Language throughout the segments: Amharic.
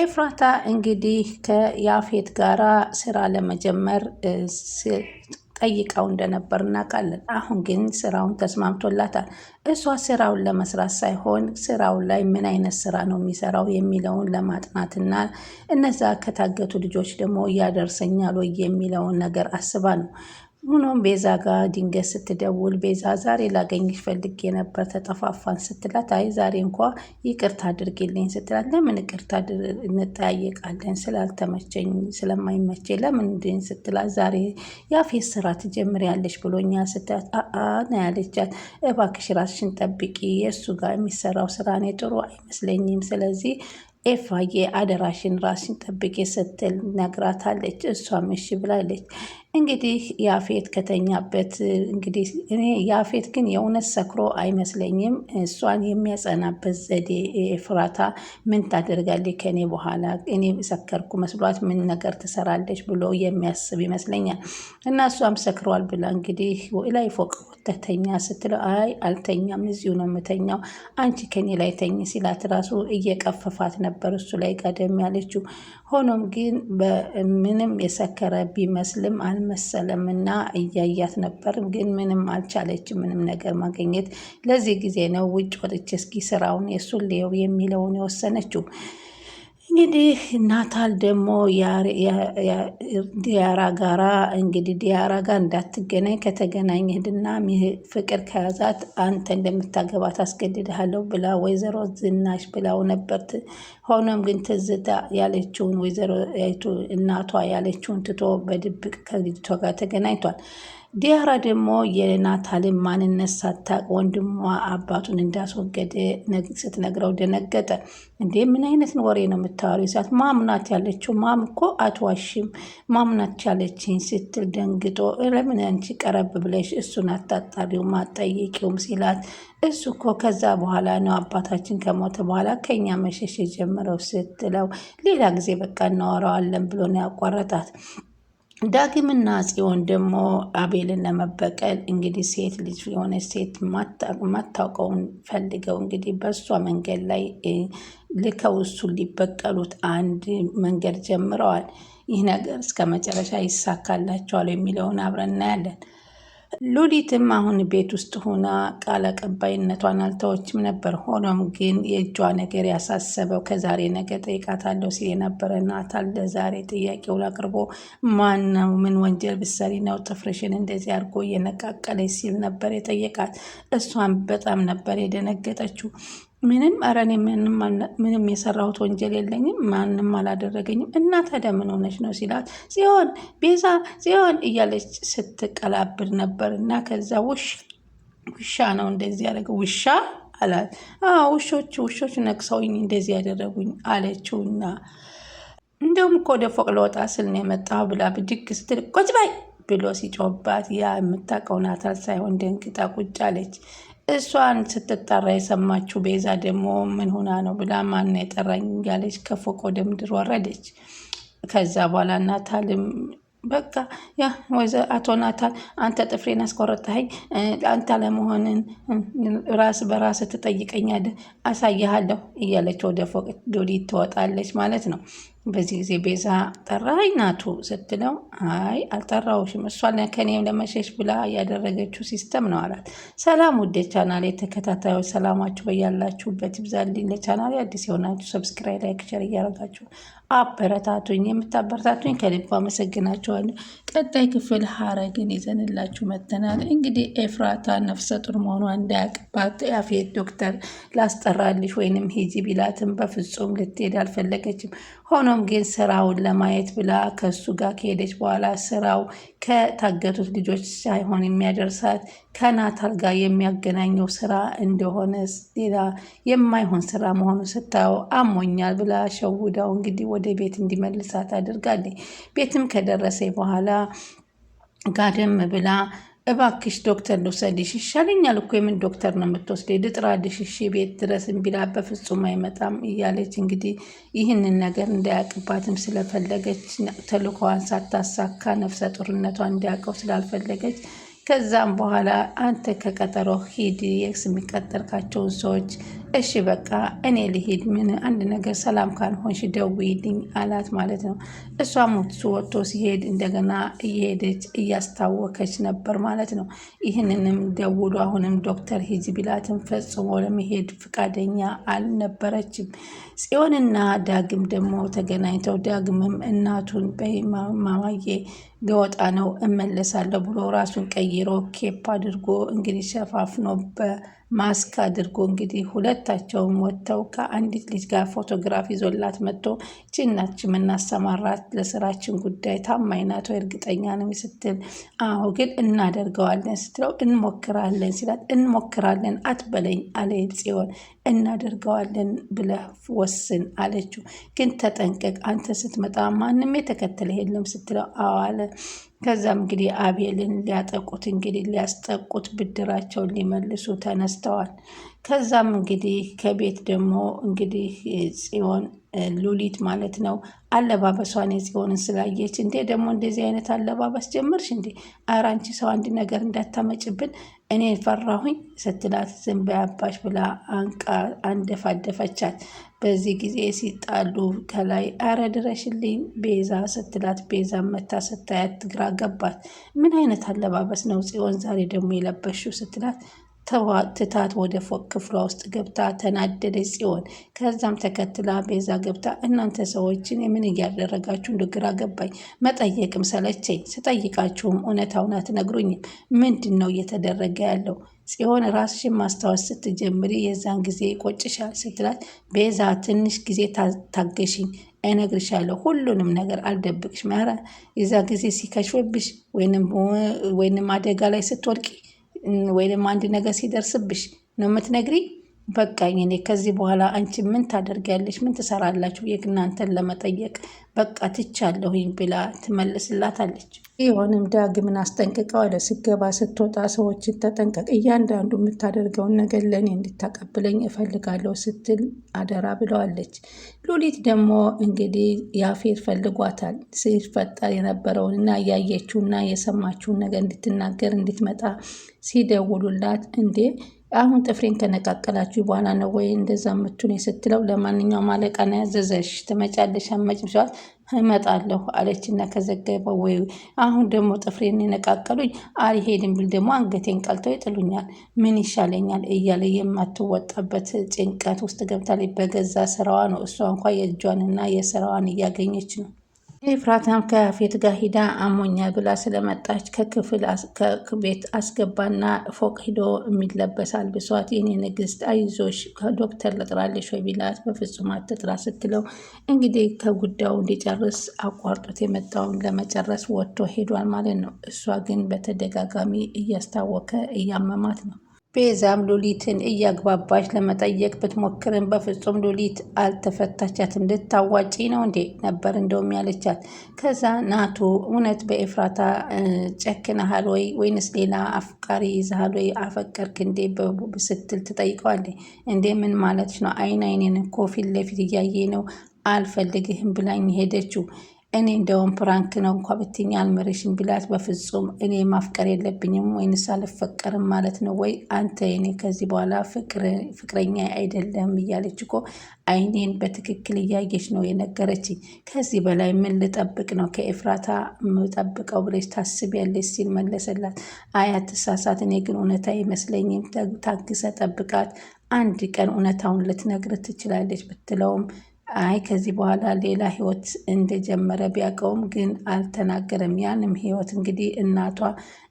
ኤፍራታ እንግዲህ ከያፌት ጋራ ስራ ለመጀመር ጠይቀው እንደነበር እናውቃለን። አሁን ግን ስራውን ተስማምቶላታል። እሷ ስራውን ለመስራት ሳይሆን ስራው ላይ ምን አይነት ስራ ነው የሚሰራው የሚለውን ለማጥናትና እነዛ ከታገቱ ልጆች ደግሞ እያደርሰኛል ወይ የሚለውን ነገር አስባ ነው። ሆኖም ቤዛ ጋር ድንገት ስትደውል ቤዛ ዛሬ ላገኝሽ ፈልጌ ነበር ተጠፋፋን ስትላት፣ አይ ዛሬ እንኳ ይቅርታ አድርጊልኝ ስትላት፣ ለምን ይቅርታ እንጠያየቃለን ስላልተመቸኝ ስለማይመቸኝ ለምን እንድን ስትላት፣ ዛሬ የአፌት ስራ ትጀምሪያለሽ ብሎኛ ስትላት፣ አና ያለቻት እባክሽ ራስሽን ጠብቂ፣ የእሱ ጋር የሚሰራው ስራ እኔ ጥሩ አይመስለኝም። ስለዚህ ኤፋዬ አደራሽን ራስሽን ጠብቂ ስትል ነግራታለች። እሷም እሺ ብላለች። እንግዲህ ያፌት ከተኛበት እንግዲህ እኔ ያፌት ግን የእውነት ሰክሮ አይመስለኝም። እሷን የሚያጸናበት ዘዴ ኤፍራታ ምን ታደርጋለች ከኔ በኋላ እኔ ሰከርኩ መስሏት ምን ነገር ትሰራለች ብሎ የሚያስብ ይመስለኛል። እና እሷም ሰክሯል ብላ እንግዲህ ላይ ፎቅ ተተኛ ስትለው አይ አልተኛም፣ እዚሁ ነው የምተኛው አንቺ ከኔ ላይ ተኝ ሲላት ራሱ እየቀፈፋት ነበር እሱ ላይ ቀደም ያለችው ሆኖም ግን ምንም የሰከረ ቢመስልም አልመሰለም እና እያያት ነበር። ግን ምንም አልቻለች፣ ምንም ነገር ማግኘት ለዚህ ጊዜ ነው ውጭ ወጥቼ እስኪ ስራውን ሌው የሚለውን የወሰነችው። እንግዲህ ናታል ደግሞ ዲያራ ጋራ እንግዲህ ዲያራ ጋር እንዳትገናኝ ከተገናኘህና ፍቅር ከያዛት አንተ እንደምታገባ ታስገድድሃለሁ ብላ ወይዘሮ ዝናሽ ብላው ነበርት። ሆኖም ግን ትዝታ ያለችውን ወይዘሮ እናቷ ያለችውን ትቶ በድብቅ ከልጅቷ ጋር ተገናኝቷል። ዲያራ ደግሞ የናታልን ማንነት ሳታቅ ወንድሟ አባቱን እንዳስወገደ ስትነግረው ደነገጠ። እንዴ ምን አይነትን ወሬ ነው የምታወሪ? ሰት ማምናት ያለችው ማም እኮ አትዋሽም፣ ማምናት ያለችኝ ስትል ደንግጦ ለምን አንቺ ቀረብ ብለሽ እሱን አታጣሪውም አትጠይቂውም ሲላት እሱ እኮ ከዛ በኋላ ነው አባታችን ከሞተ በኋላ ከኛ መሸሽ የጀመረው ስትለው ሌላ ጊዜ በቃ እናወራዋለን ብሎ ነው ያቋረጣት። ዳግምና ጽዮን ደግሞ አቤልን ለመበቀል እንግዲህ ሴት ልጅ የሆነች ሴት ማታውቀውን ፈልገው እንግዲህ በእሷ መንገድ ላይ ልከው እሱን ሊበቀሉት አንድ መንገድ ጀምረዋል። ይህ ነገር እስከ መጨረሻ ይሳካላቸዋል የሚለውን አብረን እናያለን። ሉሊትም አሁን ቤት ውስጥ ሆና ቃል አቀባይነቷን አልተወችም ነበር። ሆኖም ግን የእጇ ነገር ያሳሰበው ከዛሬ ነገ ጠይቃታለሁ ሲል የነበረ ናታል ለዛሬ ጥያቄውን አቅርቦ ማን ነው ምን ወንጀል ብሰሪ ነው ጥፍርሽን እንደዚህ አድርጎ እየነቃቀለች ሲል ነበር የጠየቃት። እሷን በጣም ነበር የደነገጠችው። ምንም ኧረ እኔ ምንም የሰራሁት ወንጀል የለኝም፣ ማንም አላደረገኝም። እና ታዲያ ምን ሆነች ነው ሲላት ጽዮን ቤዛ ጽዮን እያለች ስትቀላብድ ነበር። እና ከዛ ውሽ ውሻ ነው እንደዚህ ያደረገው ውሻ አላት። ውሾች ውሾች ነቅሰውኝ እንደዚህ ያደረጉኝ አለችውና እንደውም እኮ ወደ ፎቅ ለወጣ ስል ነው ብላ ብድግ ስትል ቁጭ በይ ብሎ ሲጮባት ያ የምታውቀው ናታን ሳይሆን ደንግጣ ቁጭ አለች። እሷን ስትጠራ የሰማችው ቤዛ ደግሞ ምን ሆና ነው ብላ ማና የጠራኝ እያለች ከፎቅ ወደ ምድር ወረደች። ከዛ በኋላ ናታልም በቃ ያ ወይዘ አቶ ናታል አንተ ጥፍሬን አስቆረጠኸኝ፣ አንተ ለመሆንን ራስ በራስ ትጠይቀኛለህ፣ አሳይሃለሁ እያለች ወደ ፎቅ ዶዲት ትወጣለች ማለት ነው። በዚህ ጊዜ ቤዛ ጠራኝ ናቱ ስትለው አይ አልጠራሁሽም፣ እሷ ከኔም ለመሸሽ ብላ ያደረገችው ሲስተም ነው አላት። ሰላም ውድ የቻናሌ የተከታታዮች ሰላማችሁ በያላችሁበት ይብዛልኝ። ለቻናል አዲስ የሆናችሁ ሰብስክራይብ፣ ላይክ፣ ሸር እያረጋችሁ አበረታቱኝ። የምታበረታቱኝ ከልብ አመሰግናችኋለሁ። ቀጣይ ክፍል ሀረግን ይዘንላችሁ መጥተናል። እንግዲህ ኤፍራታ ነፍሰ ጡር መሆኗ እንዳያቅባት ያፌት ዶክተር ላስጠራልሽ ወይንም ሂጂ ቢላትም በፍጹም ልትሄድ አልፈለገችም ሆኖ ሆኖም ግን ስራውን ለማየት ብላ ከእሱ ጋር ከሄደች በኋላ ስራው ከታገቱት ልጆች ሳይሆን የሚያደርሳት ከናታል ጋር የሚያገናኘው ስራ እንደሆነ ሌላ የማይሆን ስራ መሆኑ ስታየው አሞኛል ብላ ሸውዳው እንግዲህ ወደ ቤት እንዲመልሳት አድርጋለች። ቤትም ከደረሰ በኋላ ጋደም ብላ እባክሽ ዶክተር ልውሰድሽ ይሻለኛል እኮ የምን ዶክተር ነው የምትወስደ? ልጥራልሽ እሺ ቤት ድረስ እምቢላ በፍጹም አይመጣም እያለች እንግዲህ ይህንን ነገር እንዳያውቅባትም ስለፈለገች ተልእኮዋን ሳታሳካ ነፍሰ ጡርነቷን እንዲያውቀው ስላልፈለገች ከዛም በኋላ አንተ ከቀጠሮ ሂድ የስ የሚቀጠርካቸውን ሰዎች እሺ በቃ እኔ ልሄድ፣ ምን አንድ ነገር ሰላም ካልሆንሽ ደውዪልኝ አላት ማለት ነው። እሷ ሞት ወጥቶ ሲሄድ እንደገና እየሄደች እያስታወከች ነበር ማለት ነው። ይህንንም ደውሎ አሁንም ዶክተር ሂጅ ቢላትም ፈጽሞ ለመሄድ ፈቃደኛ አልነበረችም። ጽዮንና ዳግም ደግሞ ተገናኝተው ዳግምም እናቱን በማማዬ ገወጣ ነው እመለሳለሁ ብሎ ራሱን ቀይሮ ኬፕ አድርጎ እንግዲህ ሸፋፍኖ ማስክ አድርጎ እንግዲህ ሁለታቸውም ወጥተው ከአንዲት ልጅ ጋር ፎቶግራፍ ይዞላት መጥቶ ጭናች የምናሰማራት ለስራችን ጉዳይ ታማኝ ናት እርግጠኛ ነው ስትል፣ አሁ ግን እናደርገዋለን ስትለው፣ እንሞክራለን ሲላት፣ እንሞክራለን አትበለኝ አለ ጽዮን። እናደርገዋለን ብለህ ወስን አለችው። ግን ተጠንቀቅ፣ አንተ ስትመጣ ማንም የተከተለ የለም ስትለው፣ አዋለ ከዛም እንግዲህ አቤልን ሊያጠቁት እንግዲህ ሊያስጠቁት ብድራቸውን ሊመልሱ ተነስተዋል። ከዛም እንግዲህ ከቤት ደግሞ እንግዲህ ጽዮን ሉሊት ማለት ነው አለባበሷን የጽዮንን ስላየች፣ እንዴ ደግሞ እንደዚህ አይነት አለባበስ ጀመርሽ እንዴ? ኧረ አንቺ ሰው አንድ ነገር እንዳታመጭብን እኔ ፈራሁኝ ስትላት፣ ዝም በያባሽ ብላ አንቃ አንደፋደፈቻት። በዚህ ጊዜ ሲጣሉ ከላይ አረ ድረሽልኝ ቤዛ ስትላት፣ ቤዛ መታ ስታያት ግራ ገባት። ምን አይነት አለባበስ ነው ጽዮን ዛሬ ደግሞ የለበሽው ስትላት ትታት ወደ ፎቅ ክፍሏ ውስጥ ገብታ ተናደደች ጽዮን። ከዛም ተከትላ ቤዛ ገብታ እናንተ ሰዎችን የምን እያደረጋችሁ እንደ ገባኝ፣ መጠየቅም ሰለቸኝ። ስጠይቃችሁም እውነታውን አትነግሩኝም። ምንድን ነው እየተደረገ ያለው? ጽዮን ራስሽን ማስታወስ ስትጀምሪ የዛን ጊዜ ቆጭሻል ስትላት፣ ቤዛ ትንሽ ጊዜ ታገሽኝ እነግርሻለሁ ሁሉንም ነገር አልደብቅሽ። መራ የዛ ጊዜ ሲከሽብሽ ወይንም አደጋ ላይ ስትወድቂ ወይ ደግሞ አንድ ነገር ሲደርስብሽ ነው የምትነግሪ? በቃኝ እኔ ከዚህ በኋላ አንቺ ምን ታደርጊያለሽ? ምን ትሰራላችሁ? የእናንተን ለመጠየቅ በቃ ትቻለሁኝ ብላ ትመልስላታለች። ቢሆንም ዳግምን አስጠንቅቀው አለ ስገባ ስትወጣ ሰዎችን ተጠንቀቅ፣ እያንዳንዱ የምታደርገውን ነገር ለእኔ እንድታቀብለኝ እፈልጋለሁ ስትል አደራ ብለዋለች። ሉሊት ደግሞ እንግዲህ ያፌት ፈልጓታል። ሲፈጠር የነበረውንና እያየችውና የሰማችውን ነገር እንድትናገር እንድትመጣ ሲደውሉላት እንዴ አሁን ጥፍሬን ከነቃቀላችሁ በኋላ ነው ወይ እንደዛ ምቱን ስትለው፣ ለማንኛውም አለቃና ያዘዘሽ ትመጫለሽ አመጭም ሲሏት እመጣለሁ አለችና ከዘገበው ወይ አሁን ደግሞ ጥፍሬን የነቃቀሉኝ አልሄድም ብል ደግሞ አንገቴን ቀልተው ይጥሉኛል፣ ምን ይሻለኛል እያለ የማትወጣበት ጭንቀት ውስጥ ገብታለች። በገዛ ስራዋ ነው እሷ እንኳ የእጇንና የስራዋን እያገኘች ነው። ኤፍራታም ከያፌት ጋር ሂዳ አሞኛ ብላ ስለመጣች ከክፍል ቤት አስገባና ፎቅ ሂዶ የሚለበስ አልብሷት የኔ ንግስት አይዞሽ ዶክተር ልጥራልሽ ወይ ቢላት በፍጹም አትጥራ ስትለው እንግዲህ ከጉዳዩ እንዲጨርስ አቋርጦት የመጣውን ለመጨረስ ወጥቶ ሄዷል ማለት ነው። እሷ ግን በተደጋጋሚ እያስታወከ እያመማት ነው። ቤዛም ሉሊትን እያግባባች ለመጠየቅ ብትሞክርም በፍጹም ሉሊት አልተፈታቻትም። ልታዋጪ ነው እንዴ ነበር እንደውም ያለቻት። ከዛ ናቱ እውነት በኤፍራታ ጨክነሃል ወይ ወይንስ ሌላ አፍቃሪ ይዘሃል ወይ አፈቀርክ እንዴ ብስትል ትጠይቀዋለች። እንዴ ምን ማለት ነው? አይን አይኔን እኮ ፊት ለፊት እያየ ነው አልፈልግህም ብላኝ ሄደችው እኔ እንደውም ፕራንክ ነው እንኳ ብትይኝ አልመሬሽን ቢላት፣ በፍጹም እኔ ማፍቀር የለብኝም ወይንስ አልፈቀርም ማለት ነው ወይ አንተ እኔ ከዚህ በኋላ ፍቅረኛ አይደለም እያለች እኮ አይኔን በትክክል እያየች ነው የነገረችኝ። ከዚህ በላይ ምን ልጠብቅ ነው ከኤፍራታ የምጠብቀው ብለች ታስቢያለች ሲል መለሰላት። አይ አትሳሳት፣ እኔ ግን እውነታ አይመስለኝም። ታግሰ ጠብቃት፣ አንድ ቀን እውነታውን ልትነግር ትችላለች ብትለውም አይ ከዚህ በኋላ ሌላ ህይወት እንደጀመረ ቢያውቀውም ግን አልተናገረም። ያንም ህይወት እንግዲህ እናቷ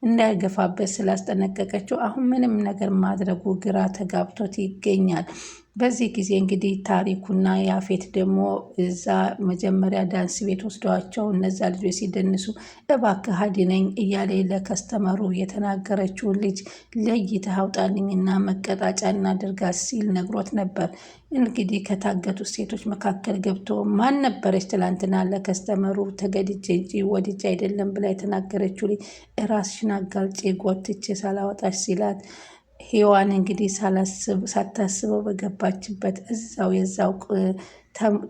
እንዳይገፋበት ስላስጠነቀቀችው አሁን ምንም ነገር ማድረጉ ግራ ተጋብቶት ይገኛል። በዚህ ጊዜ እንግዲህ ታሪኩና ያፌት ደግሞ እዛ መጀመሪያ ዳንስ ቤት ወስደዋቸው እነዛ ልጆች ሲደንሱ እባክህ አድነኝ እያለ ለከስተመሩ የተናገረችውን ልጅ ለይተህ አውጣልኝና መቀጣጫ እናድርጋ ሲል ነግሮት ነበር። እንግዲህ ከታገቱት ሴቶች መካከል ገብቶ ማን ነበረች ትላንትና ለከስተመሩ ተገድጄ እንጂ ወድጄ አይደለም ብላ የተናገረችው ልጅ ራስሽን አጋልጬ ጎትቼ ሳላወጣሽ ሲላት ሔዋን እንግዲህ ሳታስበው በገባችበት እዛው የዛው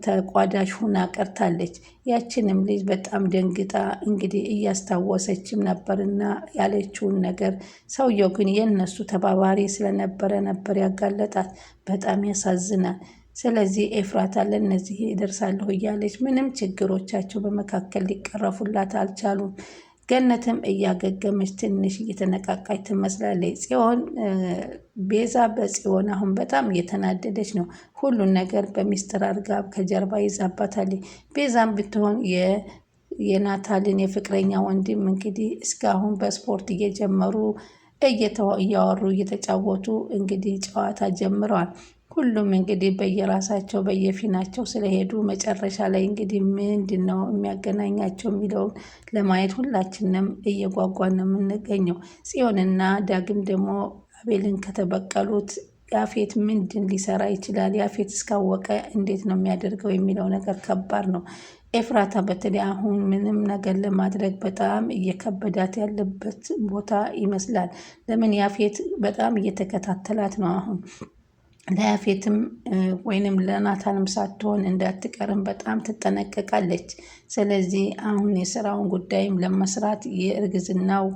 ተቋዳሽ ሁና ቀርታለች። ያችንም ልጅ በጣም ደንግጣ እንግዲህ እያስታወሰችም ነበርና ያለችውን ነገር ሰውየው ግን የእነሱ ተባባሪ ስለነበረ ነበር ያጋለጣት። በጣም ያሳዝናል። ስለዚህ ኤፍራታ ለእነዚህ እደርሳለሁ እያለች ምንም ችግሮቻቸው በመካከል ሊቀረፉላት አልቻሉም። ገነትም እያገገመች ትንሽ እየተነቃቃች ትመስላለች። ጽዮን ቤዛ በጽዮን አሁን በጣም እየተናደደች ነው። ሁሉን ነገር በሚስጥር አድርጋ ከጀርባ ይዛባታለች። ቤዛም ብትሆን የናታልን የፍቅረኛ ወንድም እንግዲህ እስካሁን በስፖርት እየጀመሩ እያወሩ እየተጫወቱ እንግዲህ ጨዋታ ጀምረዋል። ሁሉም እንግዲህ በየራሳቸው በየፊናቸው ስለሄዱ መጨረሻ ላይ እንግዲህ ምንድን ነው የሚያገናኛቸው የሚለውን ለማየት ሁላችንም እየጓጓን ነው የምንገኘው። ጽዮንና ዳግም ደግሞ አቤልን ከተበቀሉት ያፌት ምንድን ሊሰራ ይችላል? ያፌት እስካወቀ እንዴት ነው የሚያደርገው የሚለው ነገር ከባድ ነው። ኤፍራታ በተለይ አሁን ምንም ነገር ለማድረግ በጣም እየከበዳት ያለበት ቦታ ይመስላል። ለምን ያፌት በጣም እየተከታተላት ነው አሁን ለያፌትም ወይንም ለናታንም ሳትሆን እንዳትቀርም በጣም ትጠነቀቃለች። ስለዚህ አሁን የስራውን ጉዳይም ለመስራት የእርግዝናው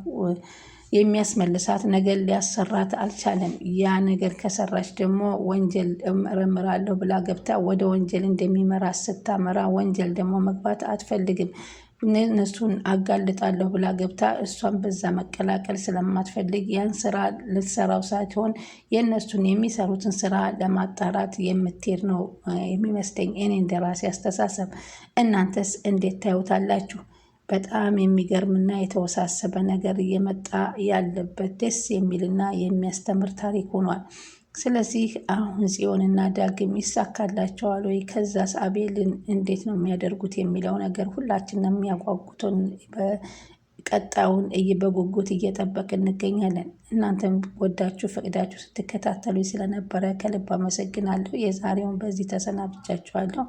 የሚያስመልሳት ነገር ሊያሰራት አልቻለም። ያ ነገር ከሰራች ደግሞ ወንጀል እመረምራለሁ ብላ ገብታ ወደ ወንጀል እንደሚመራ ስታመራ ወንጀል ደግሞ መግባት አትፈልግም። እነሱን አጋልጣለሁ ብላ ገብታ እሷን በዛ መቀላቀል ስለማትፈልግ ያን ስራ ልትሰራው ሳትሆን የእነሱን የሚሰሩትን ስራ ለማጣራት የምትሄድ ነው የሚመስለኝ እኔ እንደራሴ አስተሳሰብ። እናንተስ እንዴት ታዩታላችሁ? በጣም የሚገርምና የተወሳሰበ ነገር እየመጣ ያለበት ደስ የሚልና የሚያስተምር ታሪክ ሆኗል። ስለዚህ አሁን ጽዮንና ዳግም ይሳካላቸዋል ወይ? ከዛስ አቤልን እንዴት ነው የሚያደርጉት የሚለው ነገር ሁላችንም የሚያጓጉቶን ቀጣውን በጉጉት እየጠበቅ እንገኛለን። እናንተም ወዳችሁ ፈቅዳችሁ ስትከታተሉ ስለነበረ ከልብ አመሰግናለሁ። የዛሬውን በዚህ ተሰናብቻችኋለሁ።